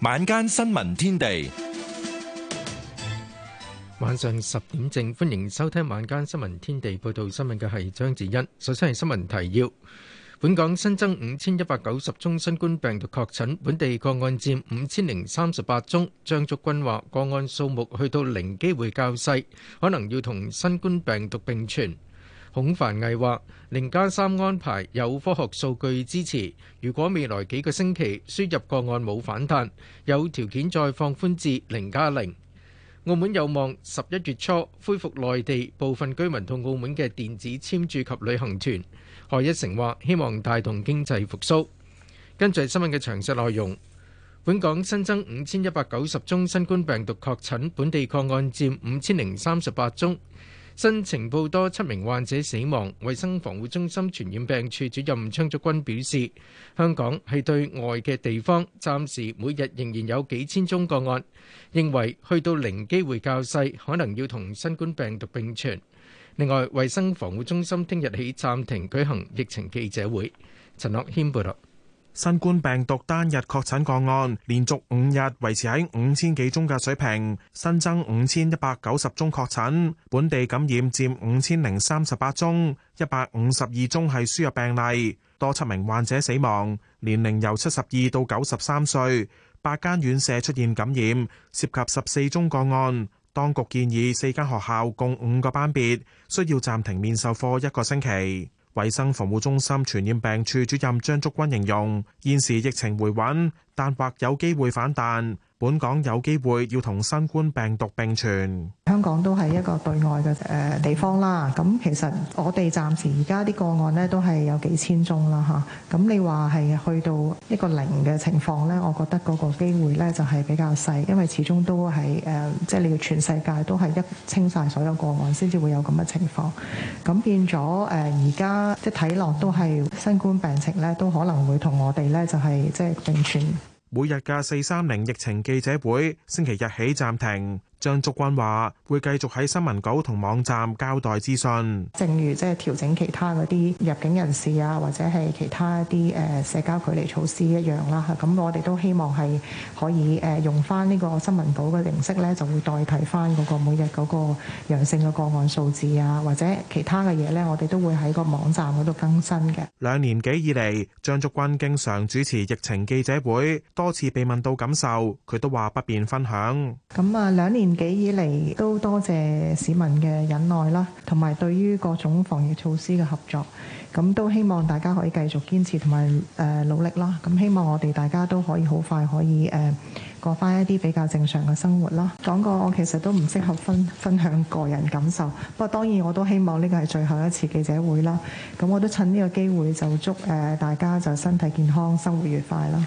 晚間新聞天地，晚上十點正，歡迎收聽晚間新聞天地。報道新聞嘅係張子欣，首先係新聞提要：本港新增五千一百九十宗新冠病毒確診，本地個案佔五千零三十八宗。張竹君話，個案數目去到零，機會較細，可能要同新冠病毒並存。孔繁毅話：零加三安排有科學數據支持，如果未來幾個星期輸入個案冇反彈，有條件再放寬至零加零。澳門有望十一月初恢復內地部分居民同澳門嘅電子簽注及旅行團。何一成話：希望帶動經濟復甦。跟住新聞嘅詳細內容。本港新增五千一百九十宗新冠病毒確診，本地個案佔五千零三十八宗。新增報多七名患者死亡，衛生防護中心傳染病處主任張竹君表示，香港係對外嘅地方，暫時每日仍然有幾千宗個案，認為去到零機會較細，可能要同新冠病毒並存。另外，衛生防護中心聽日起暫停舉行疫情記者會。陳樂軒報道。新冠病毒單日確診個案連續五日維持喺五千幾宗嘅水平，新增五千一百九十宗確診，本地感染佔五千零三十八宗，一百五十二宗係輸入病例，多七名患者死亡，年齡由七十二到九十三歲，八間院舍出現感染，涉及十四宗個案。當局建議四間學校共五個班別需要暫停面授課一個星期。衛生防護中心傳染病處主任張竹君形容，現時疫情回穩，但或有機會反彈。本港有機會要同新冠病毒並存。香港都係一個對外嘅誒地方啦。咁其實我哋暫時而家啲個案咧都係有幾千宗啦嚇。咁你話係去到一個零嘅情況咧，我覺得嗰個機會咧就係比較細，因為始終都係誒，即係你要全世界都係一清晒所有個案先至會有咁嘅情況。咁變咗誒，而家即係睇落都係新冠病毒咧，都可能會同我哋咧就係即係並存。每日嘅四三零疫情記者會星期日起暫停，張竹君話會繼續喺新聞稿同網站交代資訊，正如即係調整其他嗰啲入境人士啊，或者係其他一啲誒社交距離措施一樣啦。咁我哋都希望係可以誒用翻呢個新聞稿嘅形式咧，就會代替翻嗰個每日嗰個陽性嘅個案數字啊，或者其他嘅嘢咧，我哋都會喺個網站嗰度更新嘅。兩年幾以嚟，張竹君經常主持疫情記者會。多次被問到感受，佢都話不便分享。咁啊，兩年幾以嚟都多謝市民嘅忍耐啦，同埋對於各種防疫措施嘅合作。咁都希望大家可以繼續堅持同埋誒努力啦。咁希望我哋大家都可以好快可以誒過返一啲比較正常嘅生活啦。講過我其實都唔適合分分享個人感受，不過當然我都希望呢個係最後一次記者會啦。咁我都趁呢個機會就祝誒大家就身體健康，生活愉快啦。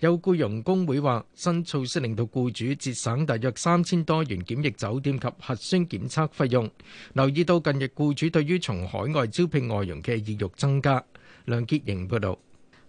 有僱傭工會話，新措施令到僱主節省大約三千多元檢疫酒店及核酸檢測費用。留意到近日僱主對於從海外招聘外傭嘅意欲增加。梁潔瑩報道。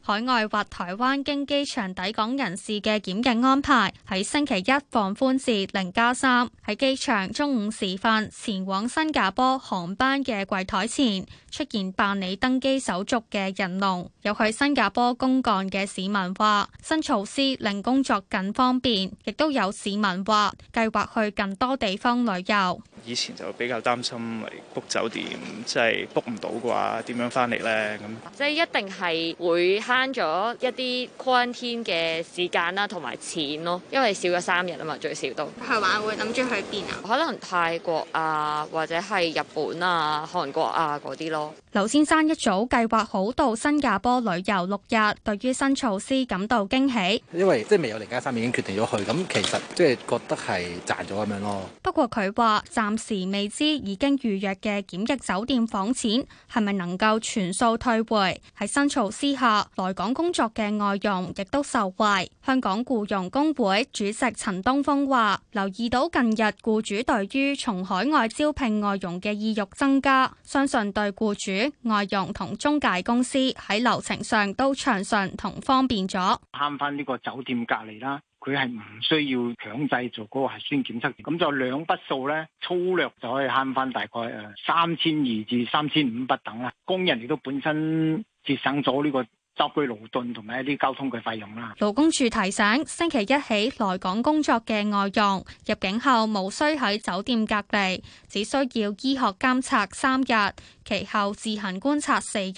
海外或台灣經機場抵港人士嘅檢疫安排喺星期一放寬至零加三。喺機場中午時分前往新加坡航班嘅櫃台前出現辦理登機手續嘅人龍。有去新加坡公幹嘅市民話：新措施令工作更方便，亦都有市民話計劃去更多地方旅遊。以前就比較擔心嚟 book 酒店即係 book 唔到啩，點樣翻嚟呢？咁即係一定係會慳咗一啲 quarantine 嘅時間啦，同埋錢咯，因為少咗三日啊嘛，最少都。去玩會諗住去邊啊？可能泰國啊，或者係日本啊、韓國啊嗰啲咯。劉先生一早計劃好到新加坡旅遊六日，對於新措施感到驚喜。因為即係未有零加三已經決定咗去，咁其實即係覺得係賺咗咁樣咯。不過佢話暫時未知已經預約嘅檢疫酒店房錢係咪能夠全數退回，喺新措施下。來港工作嘅外佣亦都受惠。香港僱傭工會主席陳東峰話，留意到近日僱主對於從海外招聘外傭嘅意欲增加，相信對僱主、外傭同中介公司喺流程上都暢順同方便咗。慳翻呢個酒店隔離啦，佢係唔需要強制做嗰個核酸檢測。咁就兩筆數咧，粗略就可以慳翻大概誒三千二至三千五不等啦。工人亦都本身節省咗呢個。家居勞頓同埋一啲交通嘅費用啦。勞工處提醒，星期一起來港工作嘅外傭入境後無需喺酒店隔離，只需要醫學監察三日，其後自行觀察四日。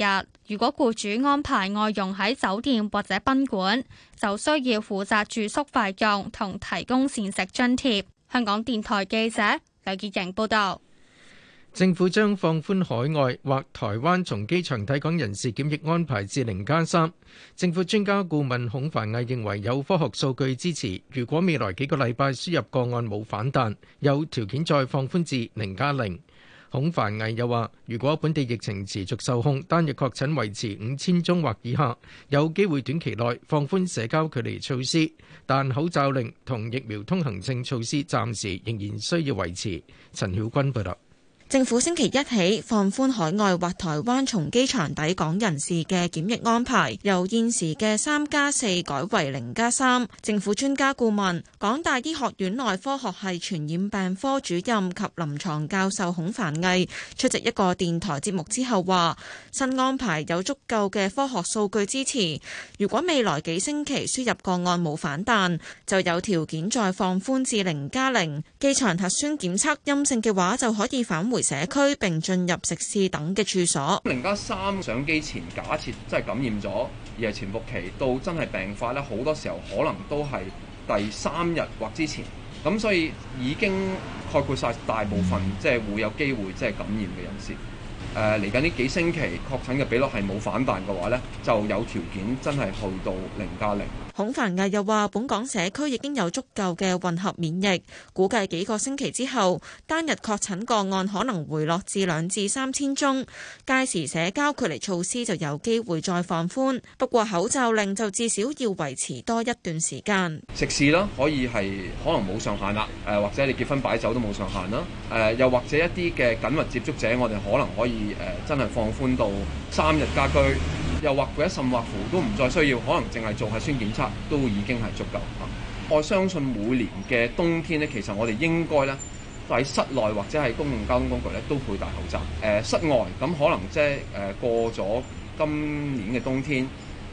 如果雇主安排外傭喺酒店或者賓館，就需要負責住宿費用同提供膳食津貼。香港電台記者劉潔瑩報道。政府將放寬海外或台灣從機場抵港人士檢疫安排至零加三。政府專家顧問孔凡毅認為有科學數據支持，如果未來幾個禮拜輸入個案冇反彈，有條件再放寬至零加零。孔凡毅又話：如果本地疫情持續受控，單日確診維持五千宗或以下，有機會短期內放寬社交距離措施，但口罩令同疫苗通行證措施暫時仍然需要維持。陳曉君報道。政府星期一起放寬海外或台灣從機場抵港人士嘅檢疫安排，由現時嘅三加四改為零加三。政府專家顧問、港大醫學院內科學系傳染病科主任及臨牀教授孔繁毅出席一個電台節目之後話，新安排有足夠嘅科學數據支持。如果未來幾星期輸入個案冇反彈，就有條件再放寬至零加零。機場核酸檢測陰性嘅話，就可以返回。社區並進入食肆等嘅處所。零加三上機前，假設真係感染咗，而係潛伏期到真係病發咧，好多時候可能都係第三日或之前。咁所以已經概括晒大部分，即係會有機會即係感染嘅人士。誒，嚟緊呢幾星期確診嘅比率係冇反彈嘅話咧，就有條件真係去到零加零。孔繁毅又話：本港社區已經有足夠嘅混合免疫，估計幾個星期之後，單日確診個案可能回落至兩至三千宗，屆時社交距離措施就有機會再放寬。不過口罩令就至少要維持多一段時間。食肆啦，可以係可能冇上限啦，誒、呃、或者你結婚擺酒都冇上限啦，誒、呃、又或者一啲嘅緊密接觸者，我哋可能可以誒、呃、真係放寬到三日家居。又或者甚或乎都唔再需要，可能淨係做核酸檢測都已經係足夠。我相信每年嘅冬天咧，其實我哋應該咧喺室內或者係公共交通工具咧都佩戴口罩。誒、呃，室外咁可能即係誒過咗今年嘅冬天，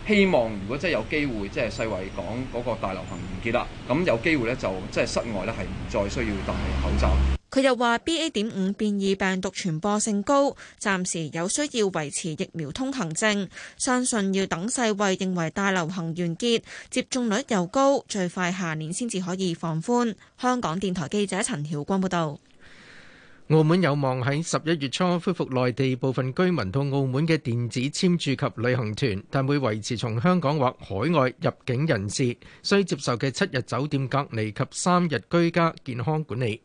希望如果即係有機會，即係世衞講嗰個大流行完結啦，咁有機會咧就即係室外咧係唔再需要戴口罩。佢又話：BA 點五變異病毒傳播性高，暫時有需要維持疫苗通行證。相信要等世衞認為大流行完結，接種率又高，最快下年先至可以放寬。香港電台記者陳曉光報道，澳門有望喺十一月初恢復內地部分居民到澳門嘅電子簽注及旅行團，但會維持從香港或海外入境人士需接受嘅七日酒店隔離及三日居家健康管理。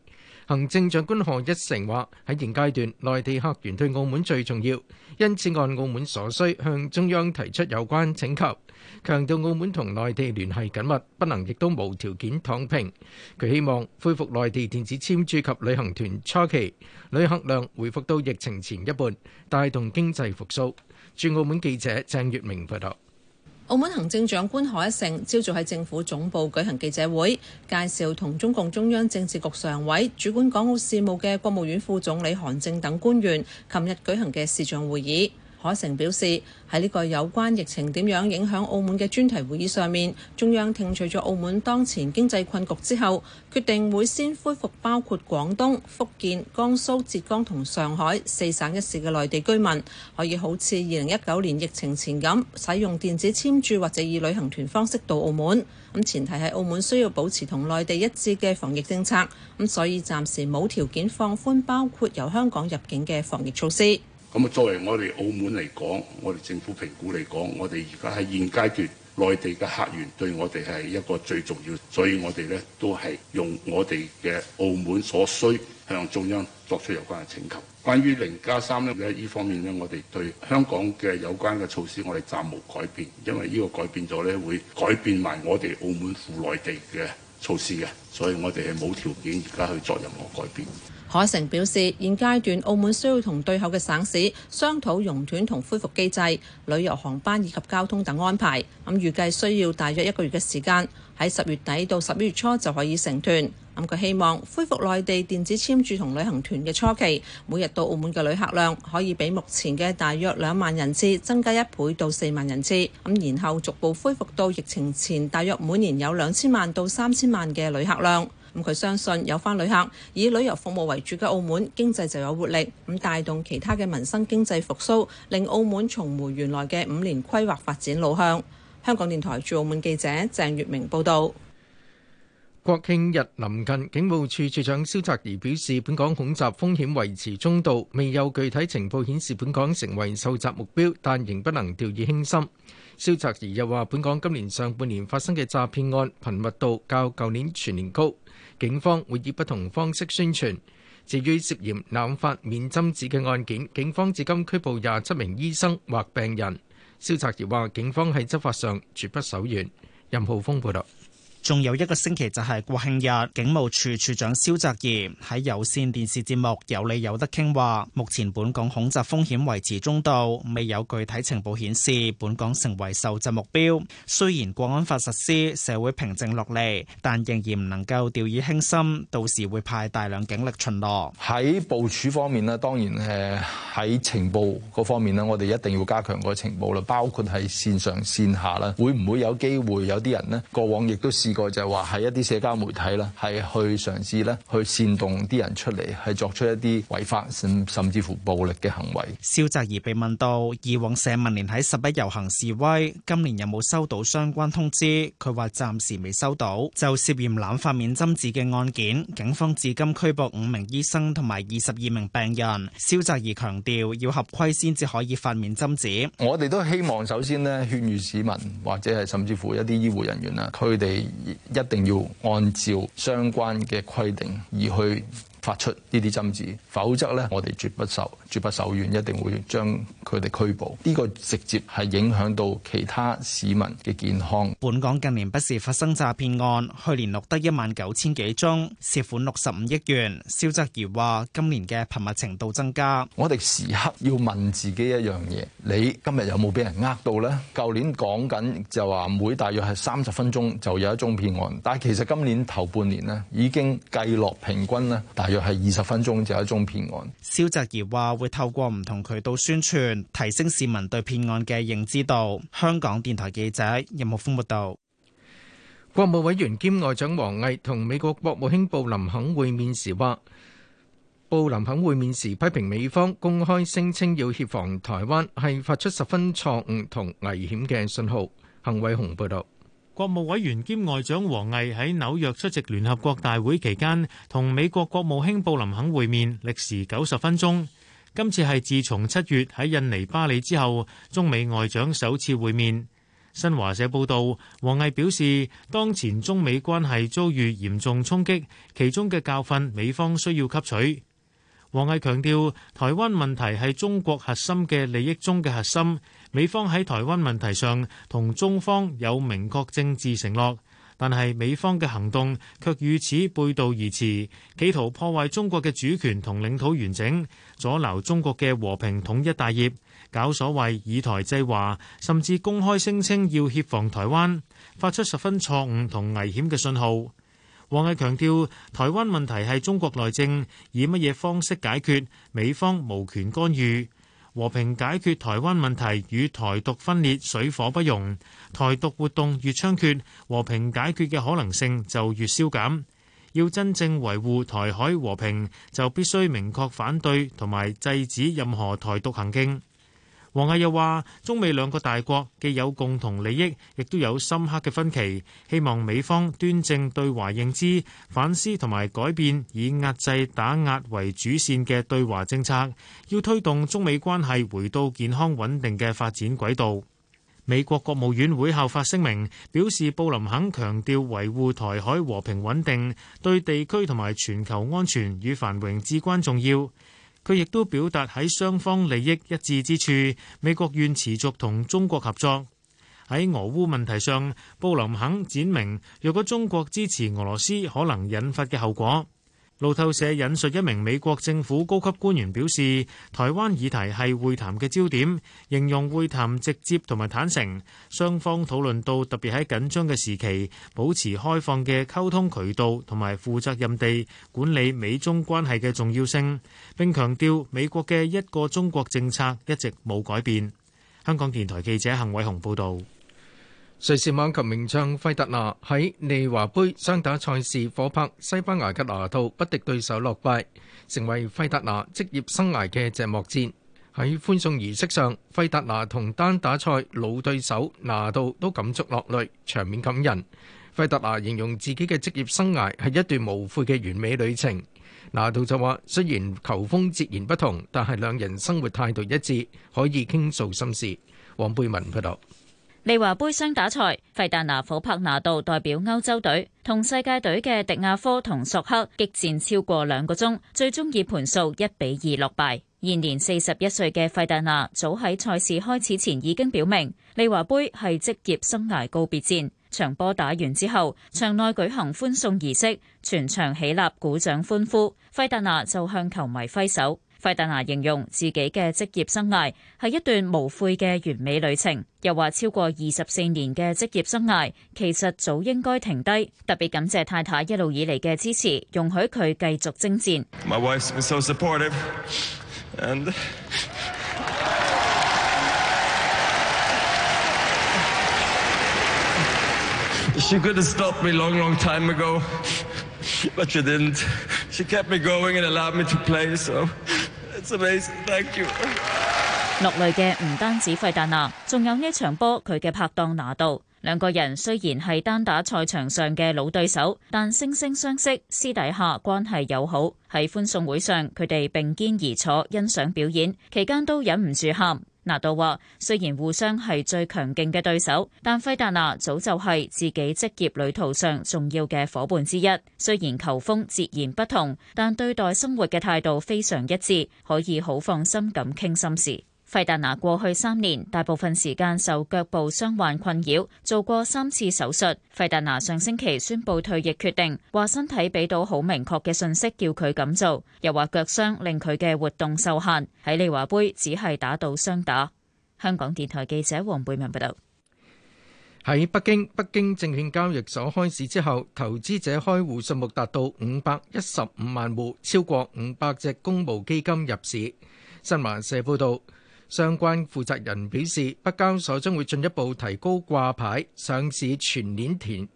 行政長官賀一誠話：喺現階段，內地客源對澳門最重要，因此按澳門所需向中央提出有關請求，強調澳門同內地聯繫緊密，不能亦都無條件躺平。佢希望恢復內地電子簽注及旅行團初期旅客量回復到疫情前一半，帶動經濟復甦。駐澳門記者鄭月明報道。澳門行政長官賀一誠朝早喺政府總部舉行記者會，介紹同中共中央政治局常委、主管港澳事務嘅國務院副總理韓正等官員，琴日舉行嘅視像會議。海成表示，喺呢個有關疫情點樣影響澳門嘅專題會議上面，中央聽取咗澳門當前經濟困局之後，決定會先恢復包括廣東、福建、江蘇、浙江同上海四省一市嘅內地居民可以好似二零一九年疫情前咁，使用電子簽注或者以旅行團方式到澳門，咁前提係澳門需要保持同內地一致嘅防疫政策，咁所以暫時冇條件放寬包括由香港入境嘅防疫措施。咁，作為我哋澳門嚟講，我哋政府評估嚟講，我哋而家喺現階段，內地嘅客源對我哋係一個最重要，所以我哋咧都係用我哋嘅澳門所需，向中央作出有關嘅請求。關於零加三咧，依方面咧，我哋對香港嘅有關嘅措施，我哋暫無改變，因為依個改變咗咧，會改變埋我哋澳門赴內地嘅措施嘅，所以我哋係冇條件而家去做任何改變。海誠表示，現階段澳門需要同對口嘅省市商討熔斷同恢復機制、旅遊航班以及交通等安排。咁預計需要大約一個月嘅時間，喺十月底到十一月初就可以成團，咁佢希望恢復內地電子簽注同旅行團嘅初期，每日到澳門嘅旅客量可以比目前嘅大約兩萬人次增加一倍到四萬人次。咁然後逐步恢復到疫情前大約每年有兩千萬到三千萬嘅旅客量。咁佢相信有返旅客以旅遊服務為主嘅澳門經濟就有活力，咁帶動其他嘅民生經濟復甦，令澳門重回原來嘅五年規劃發展路向。香港電台駐澳門記者鄭月明報導。國慶日臨近，警務處處長蕭澤頤表示，本港恐襲風險維持中度，未有具體情報顯示本港成為受襲目標，但仍不能掉以輕心。蕭澤頤又話，本港今年上半年發生嘅詐騙案頻密度較舊年全年高。警方會以不同方式宣傳。至於涉嫌濫發免針紙嘅案件，警方至今拘捕廿七名醫生或病人。蕭澤頤話：警方喺執法上絕不手軟。任浩峰報道。仲有一個星期就係國慶日，警務處處長蕭澤頤喺有線電視節目《有理有得傾》話：目前本港恐襲風險維持中度，未有具體情報顯示本港成為受襲目標。雖然《國安法》實施，社會平靜落嚟，但仍然唔能夠掉以輕心。到時會派大量警力巡邏。喺部署方面咧，當然係喺情報嗰方面咧，我哋一定要加強個情報啦，包括係線上線下啦，會唔會有機會有啲人呢？過往亦都試。個就係話喺一啲社交媒體啦，係去嘗試咧去煽動啲人出嚟，係作出一啲違法甚甚至乎暴力嘅行為。蕭澤頤被問到以往社民連喺十一遊行示威，今年有冇收到相關通知？佢話暫時未收到。就涉嫌濫發免針紙嘅案件，警方至今拘捕五名醫生同埋二十二名病人。蕭澤頤強調，要合規先至可以發免針紙。我哋都希望首先呢勸喻市民或者係甚至乎一啲醫護人員啦，佢哋。一定要按照相關嘅規定而去，發出呢啲針子，否則呢，我哋絕不手絕不手軟，一定會將佢哋拘捕。呢、這個直接係影響到其他市民嘅健康。本港近年不時發生詐騙案，去年錄得一萬九千幾宗，涉款六十五億元。蕭澤怡話：今年嘅頻密程度增加。我哋時刻要問自己一樣嘢，你今日有冇俾人呃到呢？舊年講緊就話每大約係三十分鐘就有一宗騙案，但係其實今年頭半年呢已經計落平均呢大。若係二十分鐘就一宗騙案，蕭澤頤話會透過唔同渠道宣傳，提升市民對騙案嘅認知度。香港電台記者任木峰報道。有有國務委員兼外長王毅同美國國務卿布林肯會面時話，布林肯會面時批評美方公開聲稱要協防台灣係發出十分錯誤同危險嘅信號。彭偉雄報道。國務委員兼外長王毅喺紐約出席聯合國大會期間，同美國國務卿布林肯會面，歷時九十分鐘。今次係自從七月喺印尼巴里之後，中美外長首次會面。新華社報道，王毅表示，當前中美關係遭遇嚴重衝擊，其中嘅教訓美方需要吸取。王毅強調，台灣問題係中國核心嘅利益中嘅核心。美方喺台灣問題上同中方有明確政治承諾，但係美方嘅行動卻與此背道而馳，企圖破壞中國嘅主權同領土完整，阻撓中國嘅和平統一大業，搞所謂以台制華，甚至公開聲稱要協防台灣，發出十分錯誤同危險嘅信號。王毅強調台灣問題係中國內政，以乜嘢方式解決，美方無權干預。和平解決台灣問題與台獨分裂水火不容。台獨活動越猖獗，和平解決嘅可能性就越消減。要真正維護台海和平，就必須明確反對同埋制止任何台獨行徑。王毅又話：中美兩個大國既有共同利益，亦都有深刻嘅分歧。希望美方端正對華認知，反思同埋改變以壓制打壓為主線嘅對華政策，要推動中美關係回到健康穩定嘅發展軌道。美國國務院會後發聲明，表示布林肯強調維護台海和平穩定，對地區同埋全球安全與繁榮至關重要。佢亦都表達喺雙方利益一致之處，美國願持續同中國合作。喺俄烏問題上，布林肯展明若果中國支持俄羅斯，可能引發嘅後果。路透社引述一名美國政府高級官員表示，台灣議題係會談嘅焦點，形容會談直接同埋坦誠，雙方討論到特別喺緊張嘅時期保持開放嘅溝通渠道同埋負責任地管理美中關係嘅重要性。並強調美國嘅一個中國政策一直冇改變，香港電台記者陳偉雄報道。瑞士網球名將費達拿喺利華杯雙打賽事夥拍西班牙嘅拿度不敵對手落敗，成為費達拿職業生涯嘅謝幕戰。喺歡送儀式上，費達拿同單打賽老對手拿度都感觸落淚，場面感人。費達拿形容自己嘅職業生涯係一段無悔嘅完美旅程。拿度就話：雖然球風截然不同，但係兩人生活態度一致，可以傾訴心事。黃貝文報導。利華杯雙打賽，費達拿火拍拿度代表歐洲隊同世界隊嘅迪亞科同索克激戰超過兩個鐘，最終以盤數一比二落敗。現年四十一歲嘅費達拿早喺賽事開始前已經表明，利華杯係職業生涯告別戰。場波打完之後，場內舉行歡送儀式，全場起立鼓掌歡呼，費達拿就向球迷揮手。費達拿形容自己嘅職業生涯係一段無悔嘅完美旅程，又話超過二十四年嘅職業生涯其實早應該停低，特別感謝太太一路以嚟嘅支持，容許佢繼續征戰 My wife's been so supportive, and she could have stopped me long, long time ago, but she didn't. She kept me going and allowed me to play, so... Thank you. 落淚嘅唔單止費達拿，仲有呢場波佢嘅拍檔拿度。兩個人雖然係單打賽場上嘅老對手，但惺惺相惜，私底下關係友好。喺歡送會上，佢哋並肩而坐，欣賞表演，期間都忍唔住喊。拿度話：雖然互相係最強勁嘅對手，但費達拿早就係自己職業旅途上重要嘅夥伴之一。雖然球風截然不同，但對待生活嘅態度非常一致，可以好放心咁傾心事。費達拿過去三年大部分時間受腳部傷患困擾，做過三次手術。費達拿上星期宣布退役決定，話身體俾到好明確嘅信息，叫佢咁做，又話腳傷令佢嘅活動受限。喺利華杯只係打到雙打。香港電台記者黃貝文報道。喺北京，北京證券交易所開市之後，投資者開戶數目達到五百一十五萬戶，超過五百隻公募基金入市。新華社報道。相關負責人表示，北交所將會進一步提高掛牌上市全鏈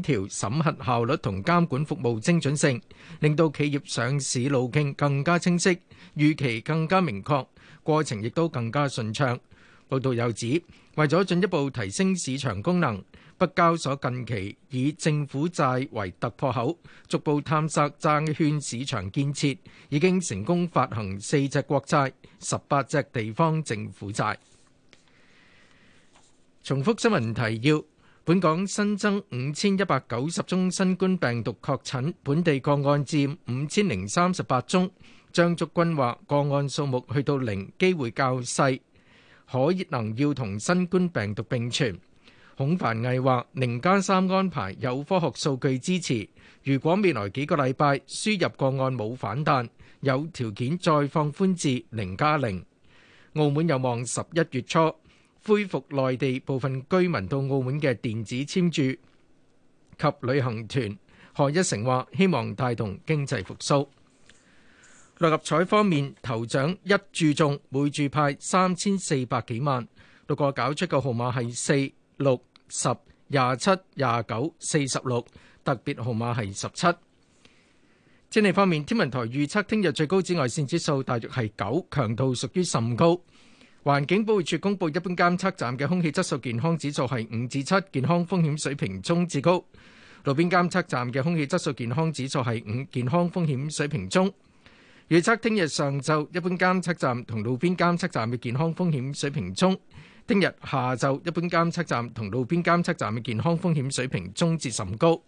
條審核效率同監管服務精準性，令到企業上市路徑更加清晰、預期更加明確、過程亦都更加順暢。報導又指，為咗進一步提升市場功能。北交所近期以政府債為突破口，逐步探索債券市場建設，已經成功發行四隻國債、十八隻地方政府債。重複新聞提要：本港新增五千一百九十宗新冠病毒確診，本地個案占五千零三十八宗。張竹君話：個案數目去到零，機會較細，可能要同新冠病毒並存。孔繁毅話，零加三安排有科學數據支持，如果未來幾個禮拜輸入個案冇反彈，有條件再放寬至零加零。澳門有望十一月初恢復內地部分居民到澳門嘅電子簽注及旅行團。何一成話，希望帶動經濟復甦。六合彩方面，頭獎一注中，每注派三千四百幾萬。六個搞出嘅號碼係四六。十、廿七、廿九、四十六，特別號碼係十七。天氣方面，天文台預測聽日最高紫外線指數大約係九，強度屬於甚高。環境保護署公佈一般監測站嘅空氣質素健康指數係五至七，7，健康風險水平中至高。路邊監測站嘅空氣質素健康指數係五，健康風險水平中。預測聽日上晝一般監測站同路邊監測站嘅健康風險水平中。聽日下晝，一般監測站同路邊監測站嘅健康風險水平中至甚高。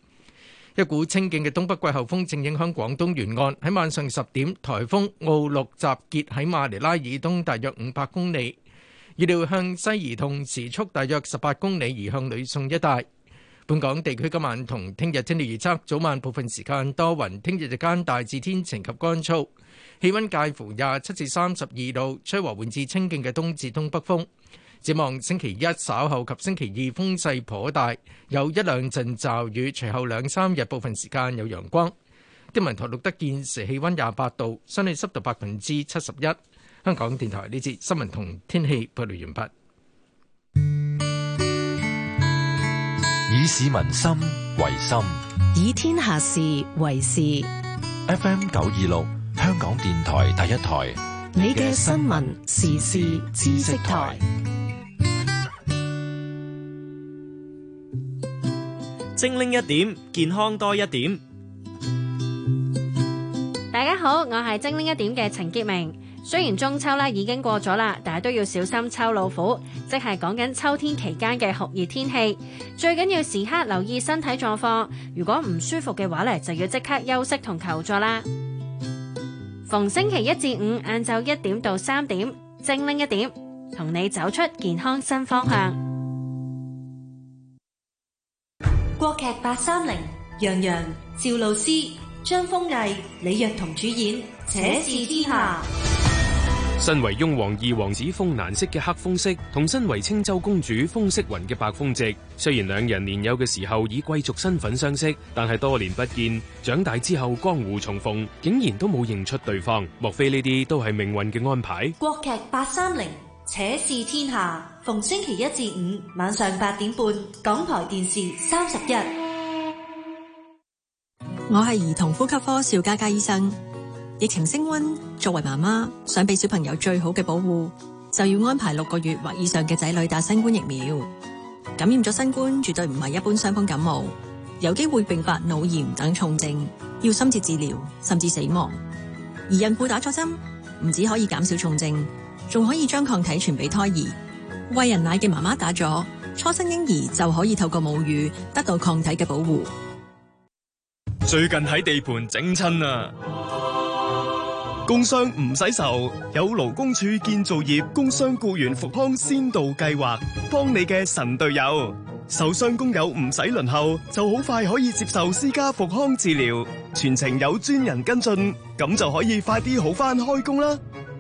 一股清勁嘅東北季候風正影響廣東沿岸，喺晚上十點，颱風奧陸集結喺馬尼拉以東大約五百公里，預料向西移動，時速大約十八公里，移向呂宋一帶。本港地區今晚同聽日天氣預測，早晚部分時間多雲，聽日日間大致天晴及乾燥，氣温介乎廿七至三十二度，吹和緩至清勁嘅東至東北風。展望星期一稍後及星期二風勢頗大，有一兩陣驟雨，隨後兩三日部分時間有陽光。天文台錄得現時氣温廿八度，相對濕度百分之七十一。香港電台呢節新聞同天氣報道完畢。以市民心為心，以天下事為事。FM 九二六，香港電台第一台，你嘅新聞時事知識台。精靈一點，健康多一點。大家好，我係精靈一點嘅陳潔明。雖然中秋咧已經過咗啦，但係都要小心秋老虎，即係講緊秋天期間嘅酷熱天氣。最緊要時刻留意身體狀況，如果唔舒服嘅話咧，就要即刻休息同求助啦。逢星期一至五晏晝一點到三點，精靈一點，同你走出健康新方向。劇八三零，楊洋,洋、趙露思、張豐毅、李若彤主演《且試天下》。身為雍王二王子豐蘭息嘅黑豐息，同身為青州公主風惜雲嘅白風夕，雖然兩人年幼嘅時候以貴族身份相識，但係多年不見，長大之後江湖重逢，竟然都冇認出對方。莫非呢啲都係命運嘅安排？國劇八三零。且試天下，逢星期一至五晚上八點半，港台電視三十一。我係兒童呼吸科邵嘉嘉醫生。疫情升溫，作為媽媽想俾小朋友最好嘅保護，就要安排六個月或以上嘅仔女打新冠疫苗。感染咗新冠，絕對唔係一般傷風感冒，有機會併發腦炎等重症，要深切治療，甚至死亡。而孕婦打錯針，唔止可以減少重症，仲可以將抗體傳俾胎兒，餵人奶嘅媽媽打咗，初生嬰兒就可以透過母乳得到抗體嘅保護。最近喺地盤整親啊， 工傷唔使愁，有勞工處建造業工傷僱員復康先導計劃，幫你嘅神隊友受傷工友唔使輪候，就好快可以接受私家復康治療，全程有專人跟進，咁就可以快啲好翻開工啦。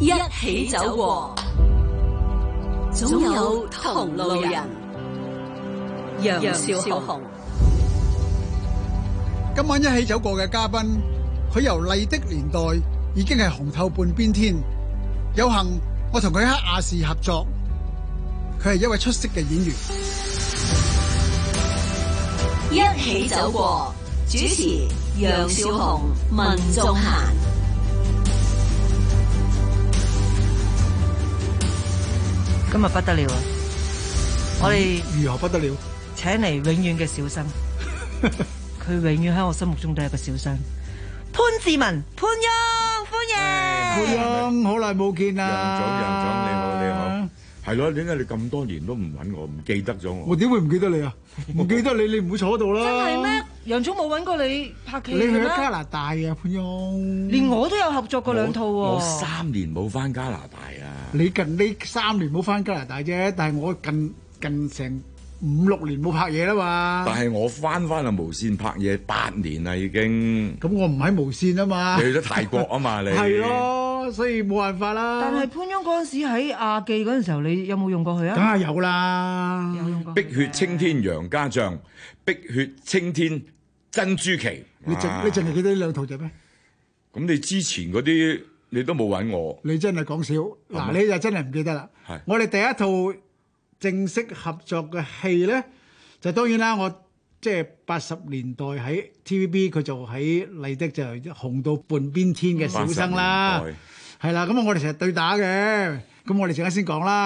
一起走過，總有同路人。楊少紅，今晚一起走過嘅嘉賓，佢由麗的年代已經係紅透半邊天，有幸我同佢喺亞視合作，佢係一位出色嘅演員。一起走過，主持楊少紅、文仲嫻。今日不得了啊！我哋如何不得了？啊、請嚟永遠嘅小生，佢 永遠喺我心目中都係個小生潘志文潘央歡迎潘央、哎、好耐冇見啦！楊總楊總你好你好係咯點解你咁多年都唔揾我唔記得咗我？我點會唔記得你啊？我 記得你你唔會坐喺度啦？真係咩？楊總冇揾過你拍戲啦！你去咗加拿大啊，潘翁？連我都有合作過兩套喎、啊。我三年冇翻加拿大啊！你近呢三年冇翻加拿大啫，但係我近近成五六年冇拍嘢啦嘛。但係我翻翻啊無線拍嘢八年啦已經。咁我唔喺無線啊嘛，你去咗泰國啊嘛， 你係咯 哦，所以冇辦法啦。但係潘翁嗰陣時喺亞記嗰陣時候，你有冇用過佢啊？梗係有啦，有用過碧《碧血青天楊家將》《碧血青天》。 珍珠奇，哇你淨你淨係記得呢兩套嘢咩？咁你之前啲你都冇揾我，你真係講笑，嗱嗎，你就真係唔記得啦。嗎我哋第一套正式合作嘅戲咧，就當然啦，我即係八十年代喺 TVB 佢就喺麗的就紅到半邊天嘅小生啦，係啦，咁我哋成日對打嘅，咁我哋陣間先講啦。